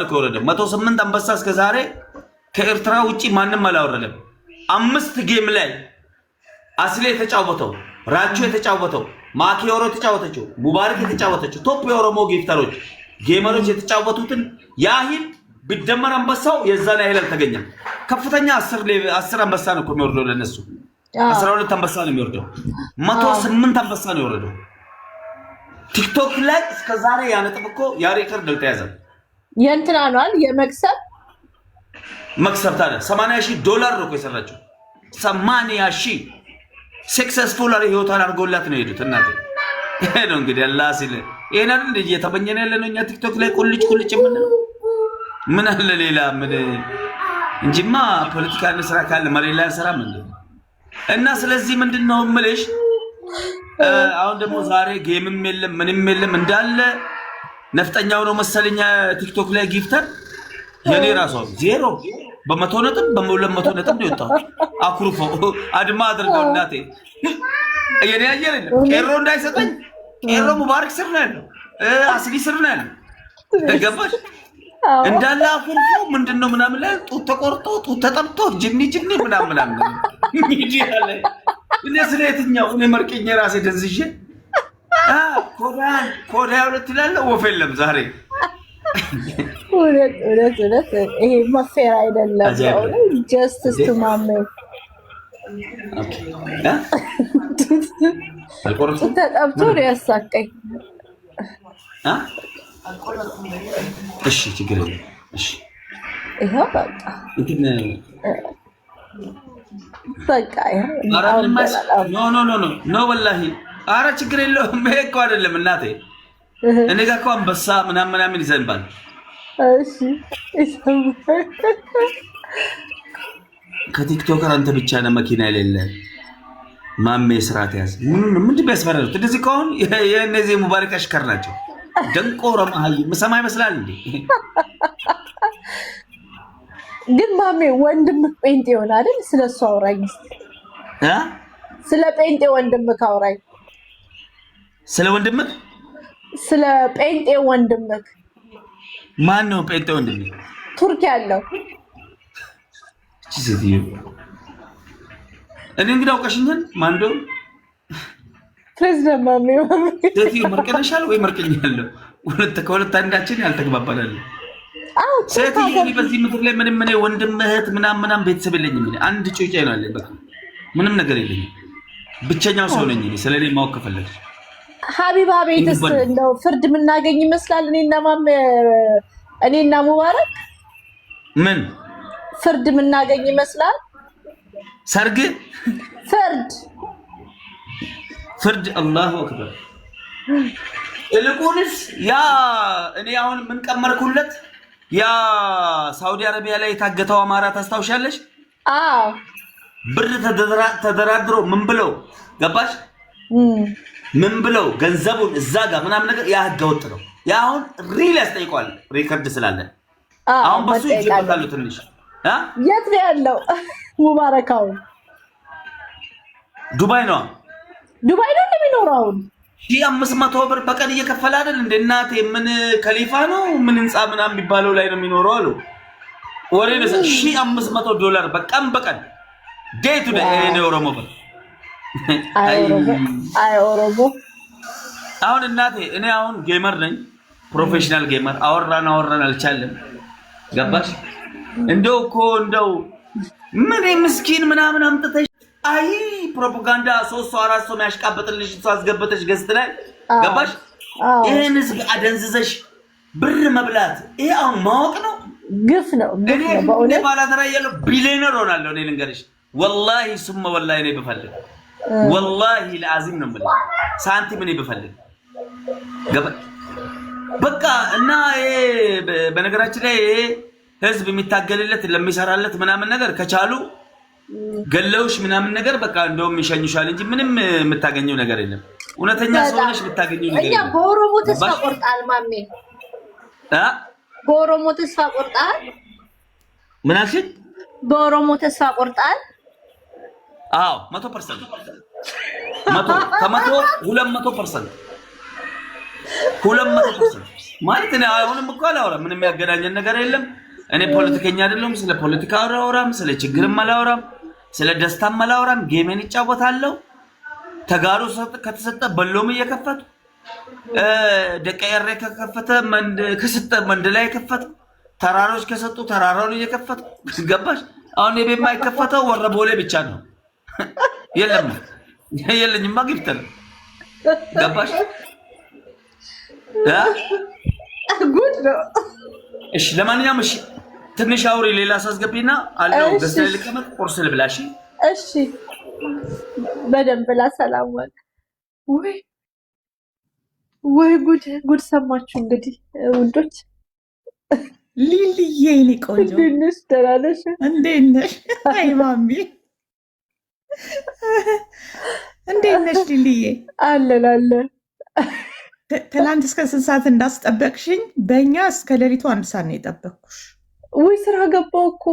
ነው የወረደ። መቶ ስምንት አንበሳ እስከ ዛሬ ከኤርትራ ውጪ ማንም አላወረደም። አምስት ጌም ላይ አስሌ የተጫወተው ራቾ የተጫወተው ማኪ ዮሮ የተጫወተችው ሙባረክ የተጫወተችው ቶፕ የኦሮሞ ጊፍተሮች ጌመሮች የተጫወቱትን ያሂን ቢደመር አንበሳው የዛን ያህል አልተገኘም። ከፍተኛ አስር አንበሳ ነው የሚወርደው ለነሱ አስራ ሁለት አንበሳ ነው የሚወርደው። መቶ ስምንት አንበሳ ነው የወረደው። ቲክቶክ ላይ እስከዛሬ ያነጥብ እኮ ያ ሪከርድ አልተያዘም። የእንትና ነው የመክሰብ መክሰብ ታዲያ ሰማንያ ሺህ ዶላር ነው የሰራችው። ሰማንያ ሺህ ሴክሰስፉል አለ ህይወቷን አድርገውላት ነው የሄዱት። እናቴ ይሄ ነው እንግዲህ አላ ሲል ይሄን አይደል እንደ እየተመኘን ያለ ነው እኛ ቲክቶክ ላይ ቁልጭ ቁልጭ የምንለው ምን አለ ሌላ ምን እንጂማ ፖለቲካ ስራ ካለ መሬት ላይ ስራ ምንድን እና ስለዚህ ምንድን ነው የምልሽ አሁን ደግሞ ዛሬ ጌምም የለም ምንም የለም እንዳለ ነፍጠኛው ነው መሰለኛ ቲክቶክ ላይ ጊፍተር የኔ ራሷ ዜሮ በመቶ ነጥብ በሁለት መቶ ነጥብ ነው የወጣው። አኩርፎ አድማ አድርገው እናቴ የኔ አየር የለም ቄሮ እንዳይሰጠኝ ቄሮ ሙባረክ ስር ነው ያለው፣ አስሊ ስር ነው ያለው። ገባሽ እንዳለ አኩርፎ ምንድን ነው ምናምን ላይ ጡት ተቆርጦ ጡት ተጠምቶ ጅኒ ጅኒ ምናምን ምናምን ሚዲያ ላይ እኔ ስለ የትኛው እኔ መርቄኛ ራሴ ደንዝዤ ኮዳ ሁለት ትላለህ። ወፍ የለም ዛሬ እውነት እውነት እውነት። ይሄማ ፌር አይደለም። ጀስትስ ቱ ተጠብቶ ነው ያሳቀኝ። እሺ ችግር የለም። ይኸው በቃ በቃ ኖ ኖ ኖ ኖ ወላሂ አረ ችግር የለውም። ይሄ እኮ አይደለም እናቴ፣ እኔ ጋር እኮ አንበሳ ምናምን ምናምን ይዘንባል። እሺ ከቲክቶከር አንተ ብቻ ነው መኪና የሌለ ማሜ ስርዓት ያዝ። ምንድን ቢያስፈረዱት እንደዚህ ከሆን የእነዚህ ሙባረክ አሽከር ናቸው። ደንቆሮ መሀል ምሰማ ይመስላል እንዴ? ግን ማሜ ወንድም ጴንጤ ይሆን አይደል? ስለ እሱ አውራኝ፣ ስለ ጴንጤ ወንድም ካውራኝ ስለ ወንድምህ ስለ ጴንጤ ወንድምህ ማን ነው? ጴንጤ ወንድምህ ቱርክ ያለው እኔ እንግዲህ አውቀሽኛል። ማን እንደው ፕሬዝዳንት ማሚ ሴትዮ መርቀነሻል ወይ መርቀኛለሁ። ከሁለት አንዳችን ያልተግባባላል። ሴትዮ በዚህ ምድር ላይ ምንም እኔ ወንድም እህት ምናም ምናም ቤተሰብ የለኝም። አንድ ጩጬ ነው ያለኝ። በቃ ምንም ነገር የለኝም። ብቸኛው ሰው ነኝ። ስለኔ ማወቅ ከፈለግሽ ሀቢባ ቤትስ እንደው ፍርድ የምናገኝ ይመስላል። እኔና ማም እኔና ሙባረክ ምን ፍርድ የምናገኝ ይመስላል። ሰርግ ፍርድ ፍርድ አላሁ አክበር። እልቁንስ ያ እኔ አሁን ምንቀመርኩለት ያ ሳውዲ አረቢያ ላይ የታገተው አማራ ታስታውሻለሽ? ብር ተደራድሮ ምን ብለው ገባሽ ምን ብለው ገንዘቡን እዛ ጋር ምናምን ነገር ያ ህገ ወጥ ነው። ያ አሁን ሪል ያስጠይቋል ሪከርድ ስላለ አሁን በሱ ይጀምራሉ። ትንሽ የት ነው ያለው ሙባረካው? ዱባይ ነው ዱባይ ነው እንደሚኖረው አሁን ሺህ አምስት መቶ ብር በቀን እየከፈለ አይደል እንደ እናቴ። ምን ከሊፋ ነው ምን ህንፃ ምናምን የሚባለው ላይ ነው የሚኖረው አሉ ወሬ ሺህ አምስት መቶ ዶላር በቀን በቀን ዴይ ቱ ዴይ ኦሮሞ ብር አይ አሁን እናቴ እኔ አሁን ጌመር ነኝ፣ ፕሮፌሽናል ጌመር። አወራን አወራን አልቻለም። ገባሽ? እንደው እኮ እንደው ምን ምስኪን ምናምን አምጥተሽ አይ ፕሮፓጋንዳ ሶስት ሰው አራት ሰው የሚያሽቃበጥልሽ ሰው አስገበተሽ ገዝት ላይ ገባሽ? ይህን ህዝብ አደንዝዘሽ ብር መብላት ይሄ አሁን ማወቅ ነው፣ ግፍ ነው። ባላተራ ያለው ቢሊዮነር ሆናለሁ እኔ ልንገርሽ፣ ወላሂ ሱመ ወላሂ እኔ ብፈልግ ወላሂ ለአዚም ነው የምልህ። ሳንቲም እኔ ብፈልግ በቃ እና በነገራችን ላይ ይሄ ህዝብ የሚታገልለት ለሚሰራለት ምናምን ነገር ከቻሉ ገለውሽ ምናምን ነገር በቃ እንደውም ይሸኝሻል እንጂ ምንም የምታገኘው ነገር የለም። እውነተኛ ሰሆነሽ የምታገኘው ነገር የለም። በኦሮሞ ተስፋ ቆርጣል ማሜ፣ በኦሮሞ ተስፋ ቆርጣል። ምን አልሽኝ? በኦሮሞ ተስፋ ቆርጣል አዎ መቶ ፐርሰንት ከመቶ ሁለት መቶ ፐርሰንት ሁለት መቶ ፐርሰንት ማለት እኔ አሁንም እኮ አላወራም። ምንም ያገናኘን ነገር የለም። እኔ ፖለቲከኛ አይደለሁም። ስለ ፖለቲካ አላወራም፣ ስለ ችግርም አላወራም፣ ስለ ደስታም አላወራም። ጌሜን እጫወታለሁ። ተጋሩ ከተሰጠ በሎም እየከፈቱ ደቀየሬ ከከፈተ ከሰጠ መንድ ላይ የከፈትኩ ተራሮች ከሰጡ ተራራውን እየከፈትኩ ገባሽ። አሁን የቤት የማይከፈተው ወረቦሌ ብቻ ነው። የለም የለኝማ ገባሽ? ጉድ ነው። እሺ ለማንኛውም እሺ፣ ትንሽ አውሪ። ሌላ ሳስገቢና አለው ደስታ ልቀመጥ ቁርስ እሺ፣ በደንብ ሰላም። ወይ ወይ ጉድ ጉድ ሰማችሁ እንግዲህ ውዶች። ሊልዬ የኔ ቆንጆ እንዴት ደህና ነሽ? እንዴት ነሽ? አይ እንዴት ነሽ ድልዬ? አለን አለን። ትላንት እስከ ስንት ሰዓት እንዳስጠበቅሽኝ፣ በእኛ እስከ ሌሊቱ አንድ ሰዓት ነው የጠበቅኩሽ። ወይ ስራ ገባሁ እኮ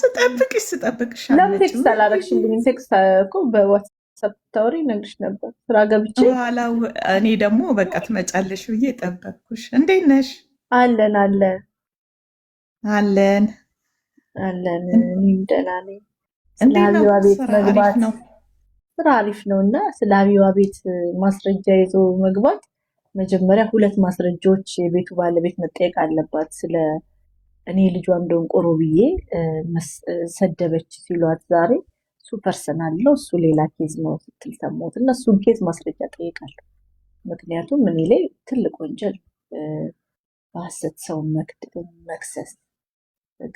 ስጠብቅሽ ስጠብቅሽ። ለምን ቴክስት አላረግሽልኝም? ቴክስት እኮ በዋትሳፕ ታወሪ ነግርሽ ነበር። ስራ ገብቼ በኋላ እኔ ደግሞ በቃ ትመጫለሽ ብዬ ጠበቅኩሽ። እንዴት ነሽ? አለን አለን አለን አለን። እኔም ደህና ነኝ። ስለ ቤት መግባት ስራ አሪፍ ነው እና ስለ አቢባ ቤት ማስረጃ ይዞ መግባት መጀመሪያ ሁለት ማስረጃዎች የቤቱ ባለቤት መጠየቅ አለባት። ስለ እኔ ልጇ እንደንቆሮ ብዬ ሰደበች ሲሏት ዛሬ እሱ ፐርሰናል ነው እሱ ሌላ ኬዝ ነው ስትል ሰማሁት እና እሱ ኬዝ ማስረጃ ጠይቃለሁ። ምክንያቱም እኔ ላይ ትልቅ ወንጀል በሀሰት ሰው መክሰስ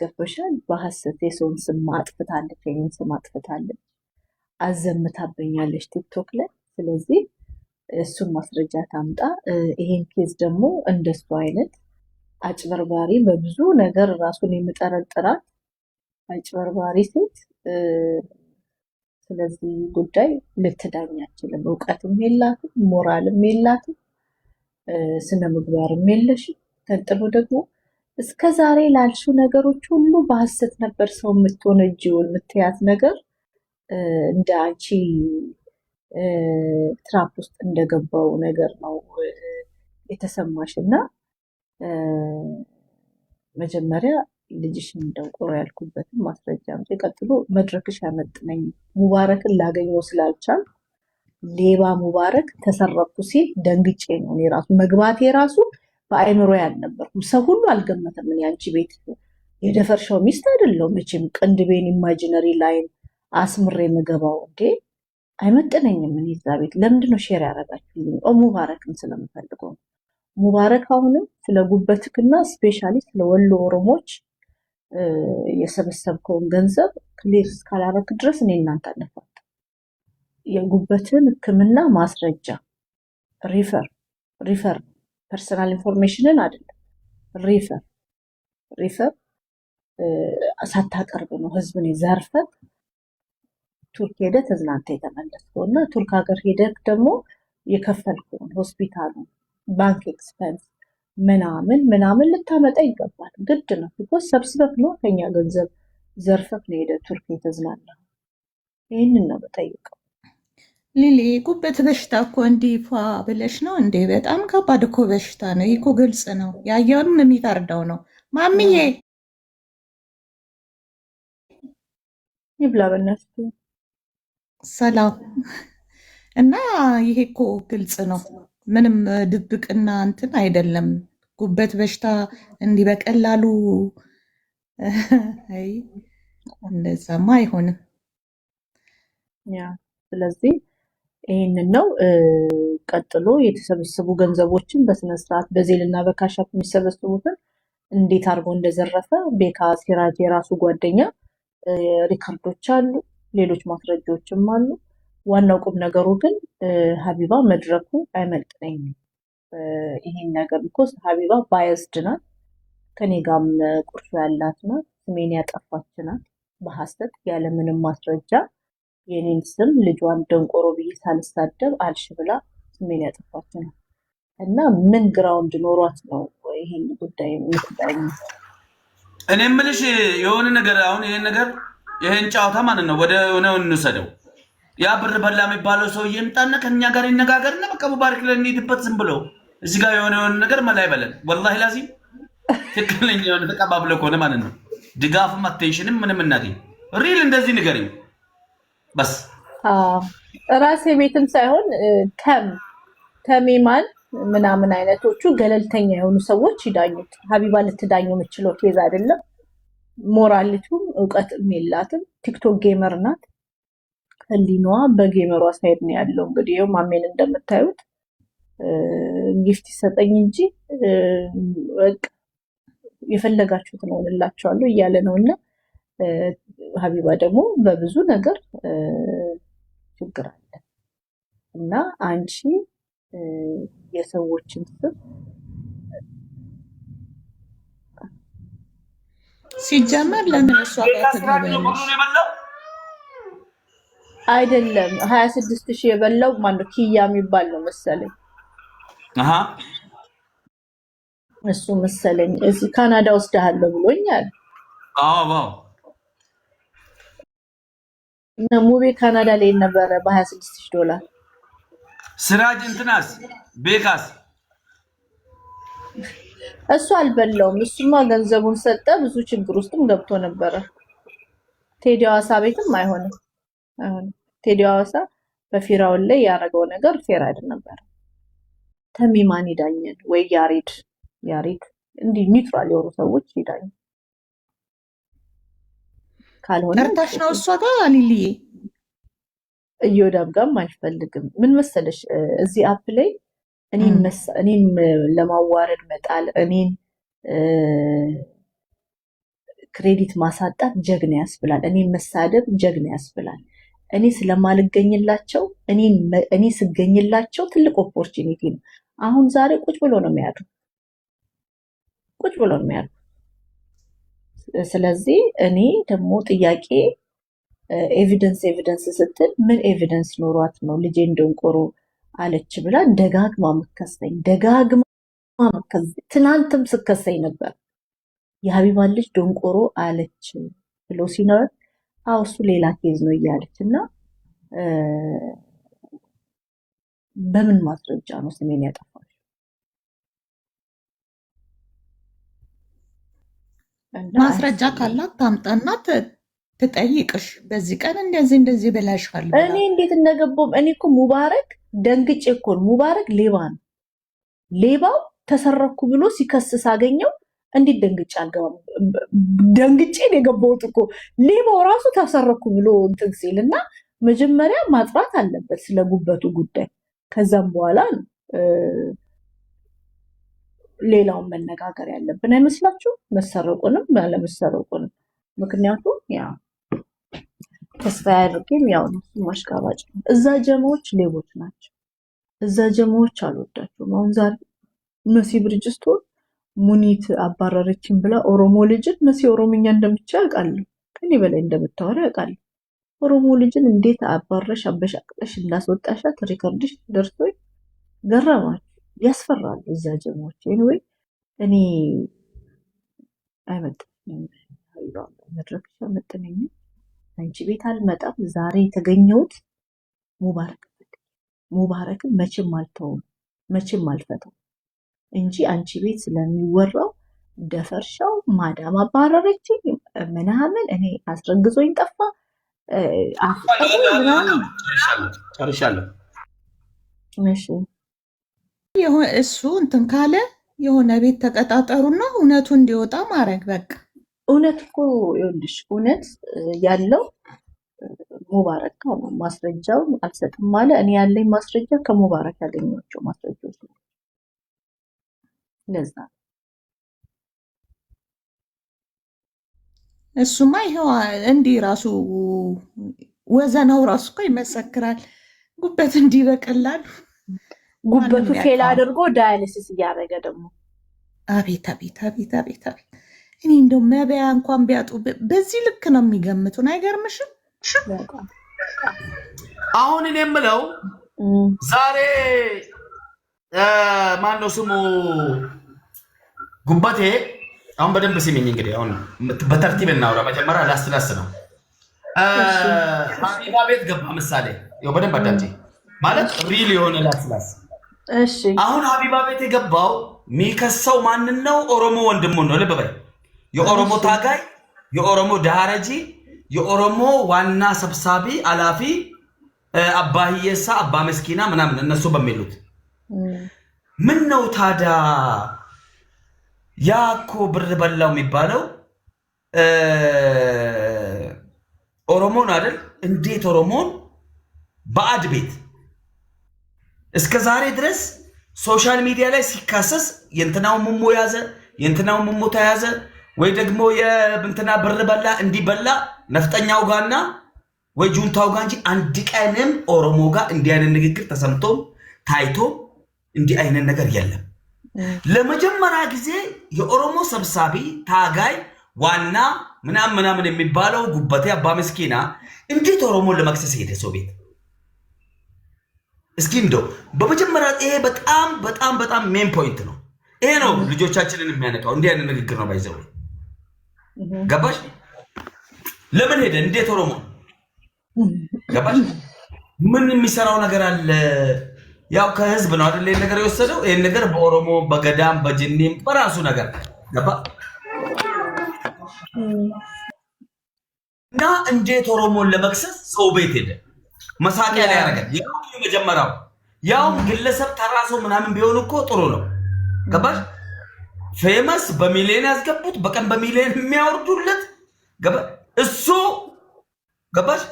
ገባሻል? በሀሰት የሰውን ስም አጥፍታለች፣ የእኔን ስም አጥፍታለች፣ አዘምታበኛለች ቲክቶክ ላይ። ስለዚህ እሱን ማስረጃ ታምጣ። ይሄን ኬዝ ደግሞ እንደሱ አይነት አጭበርባሪ በብዙ ነገር ራሱን የምጠረጥራት አጭበርባሪ ሴት ስለዚህ ጉዳይ ልትዳኝ አችልም። እውቀትም የላትም፣ ሞራልም የላትም፣ ስነ ምግባርም የለሽም። ደግሞ እስከ ዛሬ ላልሹ ነገሮች ሁሉ በሀሰት ነበር ሰው የምትሆነ እጅው የምትያት ነገር እንደ አንቺ ትራፕ ውስጥ እንደገባው ነገር ነው የተሰማሽ እና መጀመሪያ ልጅሽ እንደንቆሮ ያልኩበትን ማስረጃ አምጪ። ቀጥሎ መድረክሽ ያመጥነኝ ሙባረክን ላገኘው ስላልቻል ሌባ ሙባረክ ተሰረኩ ሲል ደንግጬ ነው እኔ ራሱ መግባቴ ራሱ በአይምሮ ያልነበርኩም። ሰው ሁሉ አልገመተም። እኔ አንቺ ቤት የደፈርሻው ሚስት አይደለው መቼም ቅንድቤን ኢማጂነሪ ላይን አስምሬ የምገባው እንዴ አይመጥነኝም። እኔ እዛ ቤት ለምንድን ነው ሼር ያደረጋችሁልኝ? ሙባረክም ስለምፈልገው ሙባረክ አሁንም ስለ ጉበትክና ስፔሻሊ ስለ ወሎ ኦሮሞች የሰበሰብከውን ገንዘብ ክሊር እስካላረክ ድረስ እኔ እናንተ አለፋት የጉበትን ሕክምና ማስረጃ ሪፈር ሪፈር ፐርሰናል ኢንፎርሜሽንን አይደለም። ሪፈር ሪፈር ሳታቀርብ ነው ህዝብን የዘርፈት ቱርክ ሄደ ተዝናንተ የተመለስከው እና ቱርክ ሀገር ሄደህ ደግሞ የከፈልከውን ሆስፒታሉ፣ ባንክ ኤክስፐንስ ምናምን ምናምን ልታመጣ ይገባል። ግድ ነው። ቢኮዝ ሰብስበህ ነው ከኛ ገንዘብ ዘርፈህ ነው ሄደህ ቱርክ የተዝናና። ይህንን ነው በጠይቀው ሊሊ ጉበት በሽታ እኮ እንዲህ ፏ ብለሽ ነው እንዴ? በጣም ከባድ እኮ በሽታ ነው። ይህ እኮ ግልጽ ነው። ያየውንም የሚፈርደው ነው። ማምዬ ይብላ ሰላም እና ይሄ እኮ ግልጽ ነው። ምንም ድብቅና እንትን አይደለም። ጉበት በሽታ እንዲህ በቀላሉ እንደዛማ አይሆንም። ስለዚህ ይህንን ነው። ቀጥሎ የተሰበሰቡ ገንዘቦችን በስነስርዓት በዜልና በካሻፕ የሚሰበስቡትን እንዴት አድርጎ እንደዘረፈ ቤካ ሲራጅ የራሱ ጓደኛ ሪከርዶች አሉ፣ ሌሎች ማስረጃዎችም አሉ። ዋናው ቁም ነገሩ ግን ሀቢባ መድረኩ አይመልጥነኝም። ይህን ነገር ቢኮስ ሀቢባ ባየስድ ናት፣ ከኔ ጋም ቁርሾ ያላት ናት፣ ስሜን ያጠፋች ናት፣ በሀሰት ያለምንም ማስረጃ የኔን ስም ልጇን ደንቆሮ ብዬ ሳልሳደብ አልሽ ብላ ስሜን ያጠፋች ነው። እና ምን ግራውንድ ኖሯት ነው ይሄን ጉዳይ ጉዳይ? እኔ ምልሽ የሆነ ነገር አሁን ይሄን ነገር ይሄን ጨዋታ ማለት ነው ወደ ሆነ እንውሰደው። ያ ብር በላ የሚባለው ሰው ይምጣና ከኛ ጋር ይነጋገርና በቃ ሙባሪክ ለእንሄድበት ዝም ብሎ እዚህ ጋር የሆነ የሆነ ነገር መላ ይበለን። ወላሂ ላዚ ትክክለኛ የሆነ ተቀባብለ ከሆነ ማለት ነው ድጋፍም አቴንሽንም ምንም እናገኝ ሪል እንደዚህ ንገርኝ በስ ራሴ ቤትም ሳይሆን ከም ከሜማን ምናምን አይነቶቹ ገለልተኛ የሆኑ ሰዎች ይዳኙት። ሀቢባ ልትዳኝ የምችለው ኬዝ አይደለም። ሞራሊቱም እውቀትም የላትም። ቲክቶክ ጌመር ናት። ህሊናዋ በጌመሯ ሳይድ ነው ያለው። እንግዲህ ይኸው ማሜን እንደምታዩት ጊፍት ይሰጠኝ እንጂ የፈለጋችሁትን እሆንላችኋለሁ እያለ ነው እና ሀቢባ ደግሞ በብዙ ነገር ችግር አለ እና አንቺ የሰዎችን ስም ሲጀመር ለምን እሷ አይደለም ሀያ ስድስት ሺህ የበላው ማነው? ኪያ የሚባል ነው መሰለኝ እሱ መሰለኝ ካናዳ ወስደሃለሁ ብሎኛል። አዎ እና ሙቤ ካናዳ ላይ ነበረ በ26000 ዶላር። ስራጅ እንትናስ ቤካስ እሱ አልበላውም። እሱማ ገንዘቡን ሰጠ። ብዙ ችግር ውስጥም ገብቶ ነበረ። ቴዲ ሐዋሳ ቤትም አይሆንም። ቴዲ ሐዋሳ በፊራውን ላይ ያደረገው ነገር ፌር አይደል ነበር። ተሚማን ይዳኘን ወይ ያሬድ ያሬድ እንዲህ ኒውትራል የሆኑ ሰዎች ይዳኘን ካልሆነ ረታሽ ነው እሷ ጋር ሊልዬ እዮዳብ ጋርም አይፈልግም። ምን መሰለሽ እዚህ አፕ ላይ እኔን ለማዋረድ መጣል፣ እኔን ክሬዲት ማሳጣት ጀግና ያስብላል። እኔን መሳደብ ጀግና ያስብላል። እኔ ስለማልገኝላቸው እኔ ስገኝላቸው ትልቅ ኦፖርቹኒቲ ነው። አሁን ዛሬ ቁጭ ብሎ ነው የሚያድሩ ቁጭ ብሎ ነው የሚያድሩ ስለዚህ እኔ ደግሞ ጥያቄ ኤቪደንስ ኤቪደንስ ስትል ምን ኤቪደንስ ኖሯት ነው ልጄ እንደንቆሮ አለች ብላ ደጋግማ ምከሰኝ ደጋግማ ምከሰኝ ትናንትም ስከሰኝ ነበር። የሀቢባን ልጅ ደንቆሮ አለች ብሎ ሲኖር አዎ እሱ ሌላ ኬዝ ነው እያለች እና በምን ማስረጃ ነው ስሜን ያጠፋል? ማስረጃ ካላት ታምጣና ትጠይቅሽ። በዚህ ቀን እንደዚህ እንደዚህ ብላሻል። እኔ እንዴት እንደገባም እኔ እኮ ሙባረክ ደንግጬ እኮ ሙባረክ ሌባ ነው። ሌባው ተሰረኩ ብሎ ሲከስ ሳገኘው እንዴት ደንግጬ አልገባም? ደንግጬ ነው የገባሁት እኮ ሌባው ራሱ ተሰረኩ ብሎ እንትን ሲል እና መጀመሪያ ማጥራት አለበት ስለ ጉበቱ ጉዳይ ከዛም በኋላ ነው ሌላውን መነጋገር ያለብን አይመስላችሁ? መሰረቁንም ያለመሰረቁንም። ምክንያቱም ያ ተስፋ ያድርግም ያው ነው ማሽቃባጭ ነው። እዛ ጀማዎች ሌቦች ናቸው። እዛ ጀማዎች አልወዳቸውም። አሁን ዛሬ መሲ ብርጅስቶን ሙኒት አባረረችን ብላ ኦሮሞ ልጅን መሲ ኦሮምኛ እንደምች ያውቃለሁ ከኔ በላይ እንደምታወራ ያውቃለሁ። ኦሮሞ ልጅን እንዴት አባረሽ አበሻቅጠሽ እንዳስወጣሻት ሪከርድሽ ደርሶኝ ገረማል። ያስፈራል። እዛ ጀሞች ወይ እኔ አይመጥም መድረክ መጠነኝ አንቺ ቤት አልመጣም። ዛሬ የተገኘሁት ሙባረክ ሙባረክን መቼም አልተውም፣ መቼም አልፈተው እንጂ አንቺ ቤት ስለሚወራው ደፈርሻው ማዳም አባረረችኝ ምናምን እኔ አስረግዞኝ ጠፋ ምናምን የሆነ እሱ እንትን ካለ የሆነ ቤት ተቀጣጠሩና እውነቱ እንዲወጣ ማድረግ በቃ። እውነት እኮ ይኸውልሽ፣ እውነት ያለው ሙባረክ ጋር ነው። ማስረጃው አልሰጥም አለ። እኔ ያለኝ ማስረጃ ከሙባረክ ያገኘኋቸው ማስረጃዎች ነው። ለዛ እሱማ ይኸው እንዲህ ራሱ ወዘናው ራሱ እኮ ይመሰክራል። ጉበት እንዲህ ጉበቱ ፌል አድርጎ ዳያሊሲስ እያደረገ ደግሞ አቤት አቤት አቤት አቤት አቤት እኔ እንደው መቢያ እንኳን ቢያጡ በዚህ ልክ ነው የሚገምቱን። አይገርምሽም? አሁን እኔ የምለው ዛሬ ማነው ስሙ ጉበቴ። አሁን በደንብ ስሚኝ እንግዲህ፣ አሁን በተርቲብ እናውራ። መጀመሪያ ላስ ላስ ነው ሀቢባ ቤት ገባ ምሳሌ፣ በደንብ አዳምጪ። ማለት ሪል የሆነ ላስላስ አሁን ሀቢባ ቤት የገባው የሚከሰው ማንን ነው? ኦሮሞ ወንድሙን ነው። ልብ በይ። የኦሮሞ ታጋይ፣ የኦሮሞ ዳረጂ፣ የኦሮሞ ዋና ሰብሳቢ አላፊ አባ ህየሳ፣ አባ መስኪና ምናምን እነሱ በሚሉት ምን ነው ታዲያ ያ እኮ ብር በላው የሚባለው ኦሮሞን አይደል? እንዴት ኦሮሞን በአድ ቤት እስከ ዛሬ ድረስ ሶሻል ሚዲያ ላይ ሲካሰስ የእንትናው ምሞ ያዘ፣ የእንትናው ምሞ ተያዘ፣ ወይ ደግሞ የእንትና ብር በላ እንዲበላ ነፍጠኛው ጋና ወይ ጁንታው ጋ እንጂ አንድ ቀንም ኦሮሞ ጋር እንዲህ አይነት ንግግር ተሰምቶም ታይቶ እንዲህ አይነት ነገር የለም። ለመጀመሪያ ጊዜ የኦሮሞ ሰብሳቢ ታጋይ ዋና ምናምን ምናምን የሚባለው ጉበቴ አባ ምስኪና እንዴት ኦሮሞን ለመክሰስ ሄደ ሰው ቤት እስኪ እንደው በመጀመሪያ ይሄ በጣም በጣም በጣም ሜን ፖይንት ነው። ይሄ ነው ልጆቻችንን የሚያነቃው። እንዲህ አይነት ንግግር ነው ባይዘው ገባሽ? ለምን ሄደ? እንዴት ኦሮሞ ገባሽ? ምን የሚሰራው ነገር አለ? ያው ከህዝብ ነው አይደል? ይሄን ነገር የወሰደው ይሄን ነገር በኦሮሞ በገዳም በጅኒም በራሱ ነገር ገባ እና እንዴት ኦሮሞን ለመክሰስ ሰው ቤት ሄደ መሳቂያ ላይ ያደረገ ያው የመጀመሪያው ያው ግለሰብ ተራሶ ምናምን ቢሆን እኮ ጥሩ ነው። ገባሽ? ፌመስ በሚሊዮን ያስገቡት በቀን በሚሊዮን የሚያወርዱለት እሱ ገባሽ?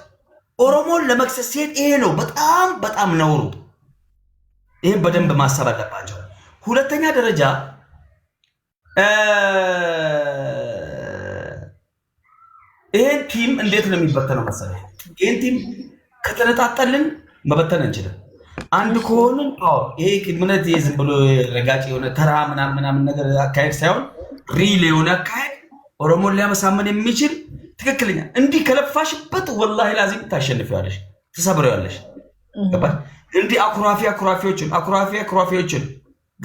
ኦሮሞን ለመክሰስ ሲሄድ ይሄ ነው በጣም በጣም ነውሩ። ይህን በደንብ ማሰብ አለባቸው። ሁለተኛ ደረጃ ይሄን ቲም እንዴት ነው የሚበተነው መሰለህ? ይህን ቲም ከተነጣጠልን መበተን እንችልም። አንድ ከሆኑን ይሄ እምነት ዝም ብሎ ረጋጭ የሆነ ተራ ምናምን ምናምን ነገር አካሄድ ሳይሆን ሪል የሆነ አካሄድ ኦሮሞን ሊያመሳመን የሚችል ትክክለኛ እንዲህ ከለፋሽበት ወላሂ ላዚም ታሸንፊዋለሽ፣ ትሰብሬዋለሽ። ገባሽ? እንዲህ አኩራፊ አኩራፊዎችን አኩራፊ አኩራፊዎችን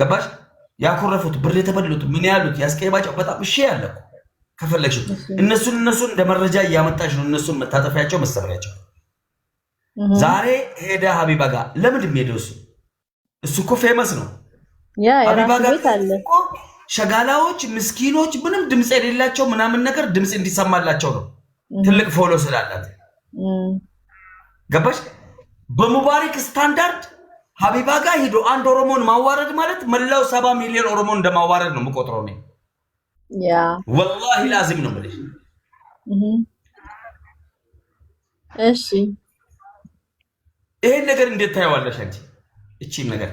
ገባሽ? ያኮረፉት ብር የተበሉት ምን ያሉት ያስቀየባቸው በጣም እሺ ያለ ከፈለግሽ እነሱን እነሱን እንደ መረጃ እያመጣሽ ነው እነሱን መታጠፊያቸው መሰብሪያቸው ዛሬ ሄደ ሀቢባ ጋር ለምን ሄደው? እሱ እሱ እኮ ፌመስ ነው። ሀቢባ ጋር ሸጋላዎች፣ ምስኪኖች፣ ምንም ድምፅ የሌላቸው ምናምን ነገር ድምፅ እንዲሰማላቸው ነው። ትልቅ ፎሎ ስላላት ገባሽ? በሙባሪክ ስታንዳርድ ሀቢባ ጋር ሂዶ አንድ ኦሮሞን ማዋረድ ማለት መላው ሰባ ሚሊዮን ኦሮሞን እንደማዋረድ ነው የምቆጥረው። እኔ ወላሂ ላዚም ነው የምልሽ። እሺ ይሄን ነገር እንዴት ታየዋለሽ አንቺ? እቺን ነገር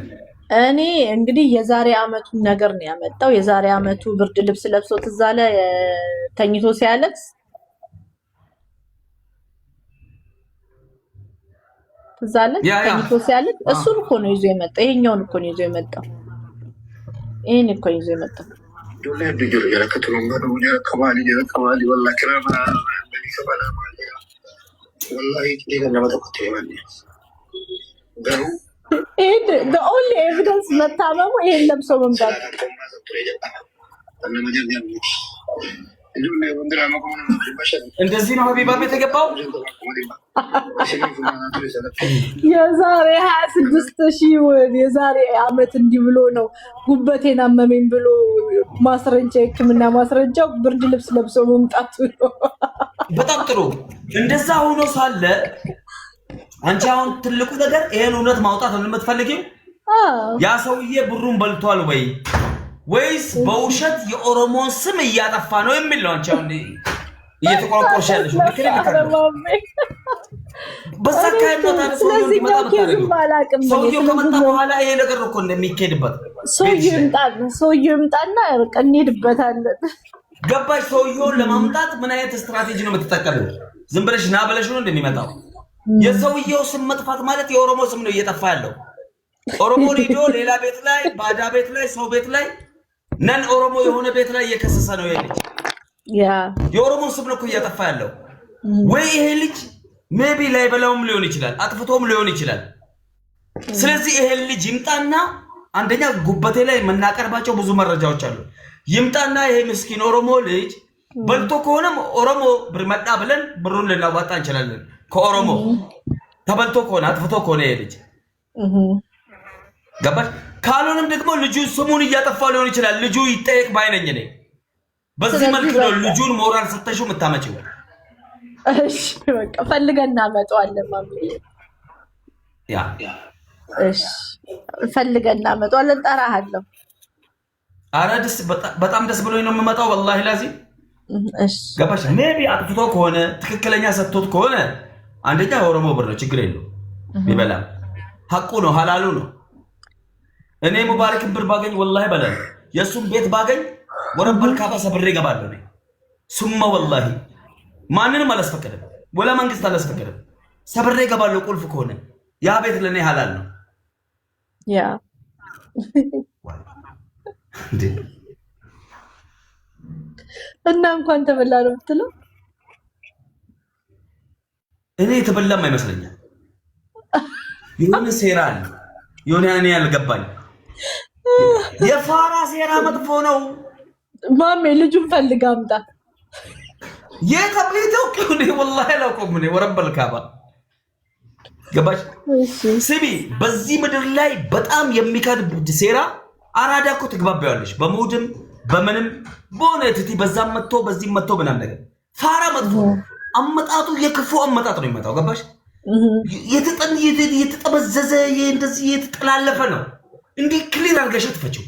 እኔ እንግዲህ የዛሬ አመቱ ነገር ነው ያመጣው። የዛሬ አመቱ ብርድ ልብስ ለብሶ ትዝ አለ ተኝቶ ሲያለቅስ ትዝ አለ ተኝቶ ሲያለቅስ፣ እሱን እኮ ነው ይዞ የመጣው። ይሄኛውን እኮ ነው ይዞ የመጣው። ይሄን እኮ ነው ይዞ የመጣው። ኦንሊ ኤቪደንስ መታመሙ ይሄን ለብሶ መምጣት እንደዚህ ነው ሀቢባ ቤት የገባው። የዛሬ ሀያ ስድስት ሺህ የዛሬ አመት እንዲህ ብሎ ነው ጉበቴን አመመኝ ብሎ ማስረጃ የህክምና ማስረጃው ብርድ ልብስ ለብሶ መምጣቱ ነው። በጣም ጥሩ እንደዛ ሆኖ ሳለ አንቺ አሁን ትልቁ ነገር ይሄን እውነት ማውጣት ነው የምትፈልጊው? ያ ሰውዬ ብሩን በልቷል ወይ ወይስ በውሸት የኦሮሞን ስም እያጠፋ ነው የሚል ነው። አንቺ አሁን እየተቆረቆርሽ ያለሽ ምክር ይልካል። በዛ ካሄድ ነው ታዲያ ሰውየው ከመጣ በኋላ ይሄ ነገር እኮ እንደሚካሄድበት ሰውየው ይምጣና በቃ እንሄድበታለን። ገባሽ? ሰውየውን ለማምጣት ምን አይነት ስትራቴጂ ነው የምትጠቀመው? ዝም ብለሽ ና ብለሽ ነው እንደሚመጣው የሰውየው ስም መጥፋት ማለት የኦሮሞ ስም ነው እየጠፋ ያለው። ኦሮሞ ሊዶ ሌላ ቤት ላይ ባዳ ቤት ላይ ሰው ቤት ላይ ነን ኦሮሞ የሆነ ቤት ላይ እየከሰሰ ነው ይሄ ልጅ። የኦሮሞ ስም ነው እያጠፋ ያለው። ወይ ይሄ ልጅ ሜቢ ላይ በላውም ሊሆን ይችላል፣ አጥፍቶም ሊሆን ይችላል። ስለዚህ ይሄን ልጅ ይምጣና አንደኛ ጉበቴ ላይ የምናቀርባቸው ብዙ መረጃዎች አሉ። ይምጣና ይሄ ምስኪን ኦሮሞ ልጅ በልቶ ከሆነም ኦሮሞ ብርመጣ ብለን ብሩን ልናዋጣ እንችላለን። ከኦሮሞ ተበልቶ ከሆነ አጥፍቶ ከሆነ የልጅ ገባሽ። ካልሆነም ደግሞ ልጁ ስሙን እያጠፋ ሊሆን ይችላል። ልጁ ይጠየቅ ባይነኝ እኔ በዚህ መልክ ነው ልጁን ሞራል ሰተሹ የምታመጪው። ፈልገን እናመጣዋለን። ያ ፈልገን እናመጣዋለን። ጠራሃለሁ። አረ ደስ በጣም ደስ ብሎኝ ነው የምመጣው ወላሂ ላዚ ገባሽ? ሜቢ አጥፍቶ ከሆነ ትክክለኛ ሰጥቶት ከሆነ አንደኛ የኦሮሞ ብር ነው፣ ችግር የለው ይበላል። ሀቁ ነው፣ ሀላሉ ነው። እኔ ሙባረክን ብር ባገኝ ወላሂ በላል። የእሱም ቤት ባገኝ ወረበል ካባ ሰብሬ እገባለሁ። ሱመ ወላሂ ማንንም አላስፈቀደም፣ ወላ መንግስት አላስፈቀደም። ሰብሬ እገባለሁ ቁልፍ ከሆነ ያ ቤት ለእኔ ሀላል ነው። እና እንኳን ተበላ ነው የምትለው። እኔ የተበላም አይመስለኛል። የሆነ ሴራ አለ። የሆነ እኔ ያልገባኝ የፋራ ሴራ መጥፎ ነው። ማሜ ልጁን ፈልግ አምጣ። የተቤተው ሆኔ ወላ አላውቀውም። እኔ ወረበል ካባ ገባሽ? ስሚ፣ በዚህ ምድር ላይ በጣም የሚከድ ሴራ አራዳ እኮ ትግባቢዋለሽ በሙድም በምንም በሆነ ትቲ በዛም መጥቶ በዚህም መጥቶ ምናምን ነገር ፋራ መጥፎ አመጣጡ የክፉ አመጣጥ ነው የሚመጣው። ገባሽ? የተጠመዘዘ እንደዚህ የተጠላለፈ ነው። እንዲህ ክሊር አድርገሽ ትፈችው።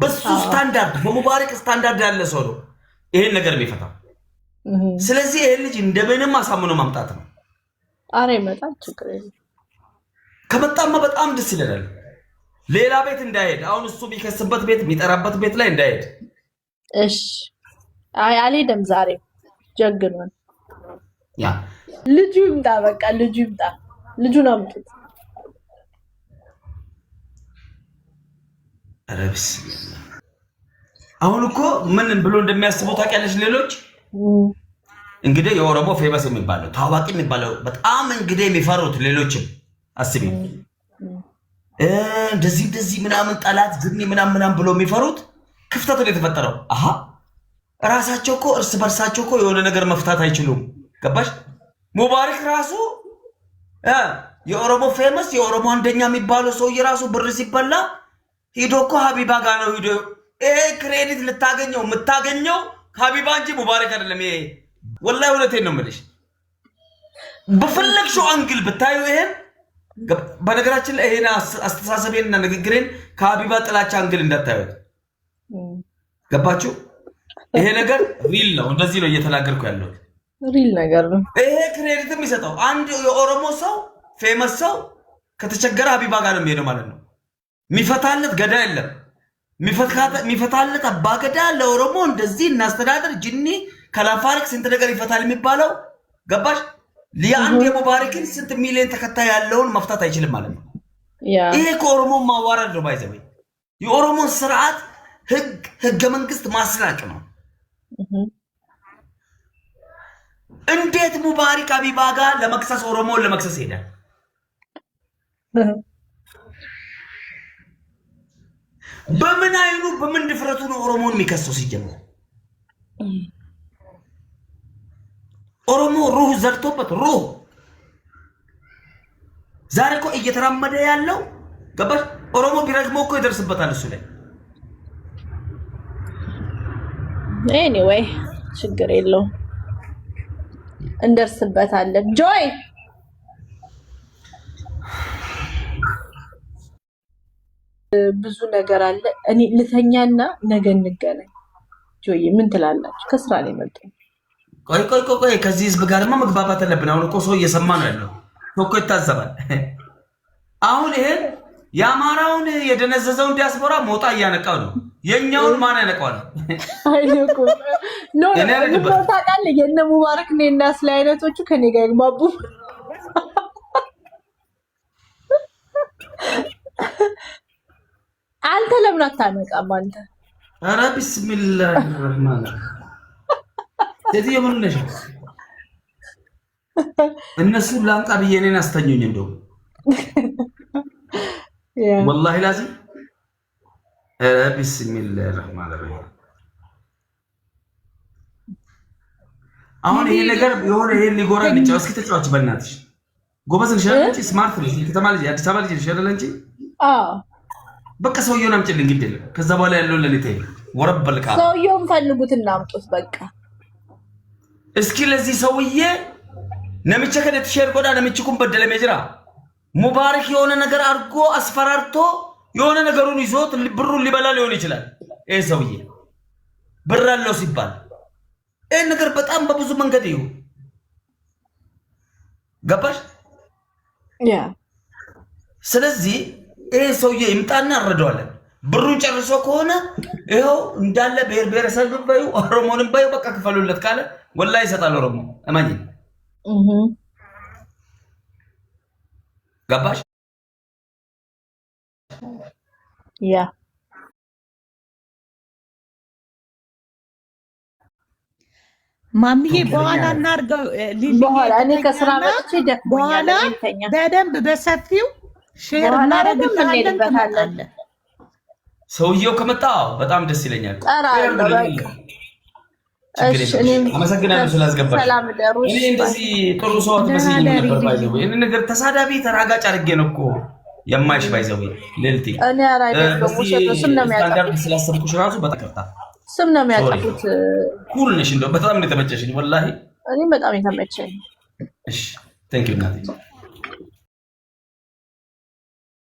በሱ ስታንዳርድ በሙባረቅ ስታንዳርድ ያለ ሰው ነው ይሄን ነገር የሚፈታው። ስለዚህ ይሄን ልጅ እንደምንም አሳምኖ ማምጣት ነው። ኧረ ይመጣል፣ ችግር የለም። ከመጣማ በጣም ደስ ይለናል። ሌላ ቤት እንዳይሄድ አሁን እሱ የሚከስበት ቤት የሚጠራበት ቤት ላይ እንዳይሄድ። እሺ አይ አልሄድም፣ ዛሬ ጀግኑን። ያ ልጁ ይምጣ፣ በቃ ልጁ ይምጣ፣ ልጁን አምጡት። ኧረ በስመ አብ! አሁን እኮ ምን ብሎ እንደሚያስበው ታውቂያለሽ? ሌሎች እንግዲህ የኦሮሞ ፌመስ የሚባለው ታዋቂ የሚባለው በጣም እንግዲህ የሚፈሩት ሌሎችም አስቢ እንደዚህ እንደዚህ ምናምን ጠላት ግን ምናምን ምናምን ብሎ የሚፈሩት ክፍተት ነው የተፈጠረው። አሀ ራሳቸው እኮ እርስ በርሳቸው እኮ የሆነ ነገር መፍታት አይችሉም። ገባሽ? ሙባሪክ ራሱ የኦሮሞ ፌመስ የኦሮሞ አንደኛ የሚባለው ሰውዬ ራሱ ብር ሲበላ ሂዶ እኮ ሀቢባ ጋ ነው ሂዶ ይሄ ክሬዲት ልታገኘው የምታገኘው ሀቢባ እንጂ ሙባሪክ አይደለም። ይሄ ወላሂ እውነቴን ነው የምልሽ። በፈለግሽው አንግል ብታዩ ይሄን በነገራችን ላይ ይሄን አስተሳሰቤንና ንግግሬን ከሀቢባ ጥላቻ አንግል እንዳታዩት። ገባችሁ? ይሄ ነገር ሪል ነው። እንደዚህ ነው እየተናገርኩ ያለሁት ሪል ነገር ነው። ይሄ ክሬዲትም ይሰጠው አንድ የኦሮሞ ሰው ፌመስ ሰው ከተቸገረ ሀቢባ ጋር ነው የሚሄደው ማለት ነው። የሚፈታለት ገዳ የለም። የሚፈታለት አባ ገዳ ለኦሮሞ እንደዚህ እናስተዳደር ጅኒ ከላፋርቅ ስንት ነገር ይፈታል የሚባለው ገባሽ? የአንድ የሙባረክን ስንት ሚሊዮን ተከታይ ያለውን መፍታት አይችልም ማለት ነው። ይሄ ከኦሮሞ ማዋረድ ነው። ባይዘ የኦሮሞን ስርዓት ህግ ህገ መንግስት ማስራቅ ነው። እንዴት ሙባሪክ አቢባ ጋር ለመክሰስ ኦሮሞን ለመክሰስ ሄደ? በምን አይኑ በምን ድፍረቱ ነው ኦሮሞን የሚከሰው ሲጀምር ኦሮሞ ሩህ ዘርቶበት ሩህ ዛሬ እኮ እየተራመደ ያለው ገባሽ? ኦሮሞ ቢረግሞ እኮ ይደርስበታል እሱ ላይ። ኤኒዌይ ችግር የለውም እንደርስበታለን። ጆይ ብዙ ነገር አለ። እኔ ልተኛና ነገ እንገናኝ። ጆይ ምን ትላላችሁ? ከስራ ላይ መጡ ቆይ ቆይ ቆይ፣ ከዚህ ህዝብ ጋር ደግሞ መግባባት አለብን። አሁን እኮ ሰው እየሰማ ነው ያለው፣ እኮ ይታዘባል። አሁን ይሄን የአማራውን የደነዘዘውን ዲያስፖራ ሞጣ እያነቃው ነው። የእኛውን ማን ያነቀዋል? ታውቃለህ፣ የእነ ሙባረክ እና ስለ አይነቶቹ ከኔ ጋር ይግባቡ አንተ ለምን አታነቃም? አንተ ኧረ ቢስሚላህ ሴትዮ ምን ነሽ? እነሱ ላምጣ ብዬ እኔን አስተኙኝ። እንደው ወላሂ ላዚ ቢስሚላህ ረህማን ረሂም። አሁን ይሄ ነገር የሆነ ይሄን ሊጎራ ልጫው። እስኪ ተጫዋች በእናትሽ ጎበዝ ነሽ አይደል እንጂ ስማርት ከተማ ልጅ አዲስ አበባ ልጅ ነሽ አይደል እንጂ በቃ ሰውየውን አምጪልኝ። ግድ የለም ከዛ በኋላ ያለውን ለኔ ተይኝ። ወረብ በልቃ ሰውየውን ፈልጉት እናምጡት በቃ እስኪ ለዚህ ሰውዬ ከደት ሼር ጎዳ ነምቼኩን በደለ ሜጅራ ሙባረክ የሆነ ነገር አድርጎ አስፈራርቶ የሆነ ነገሩን ይዞት ብሩን ሊበላ ሊሆን ይችላል። ይህ ሰውዬ ብር አለው ሲባል ይህን ነገር በጣም በብዙ መንገድ ይሁ ገባሽ። ስለዚህ ይህ ሰውዬ ይምጣና እንረዳዋለን። ብሩን ጨርሶ ከሆነ ይኸው እንዳለ ብሔር ብሔረሰብ ባዩ ኦሮሞንም ባዩ በቃ ክፈሉለት ካለ ወላ ይሰጣል። ኦሮሞ እመኝ ገባሽ? ያ ማምዬ በኋላ እናድርገው። እኔ ከስራ በኋላ በደንብ በሰፊው ሼር እናደርግበታለን። ሰውየው ከመጣ በጣም ደስ ይለኛል። አመሰግናለሁ ስላስገባሽ። እኔ እንደዚህ ጥሩ ሰው አትመስይም ነበር። ባይዘው ይህን ነገር ተሳዳቢ ተራጋጭ አድርጌ ነው እኮ የማይሽ ባይዘው ልልቲ ስታንዳርድ ስላሰብኩሽ ራሱ በጠቀርታ ይቅርታ። ስም ነው የሚያጠፉት። ኩል ነሽ፣ እንደው በጣም ነው የተመቸሽኝ። ወላሂ እኔም በጣም የተመቸኝ። እሺ ቴንክ ዩ እናቴ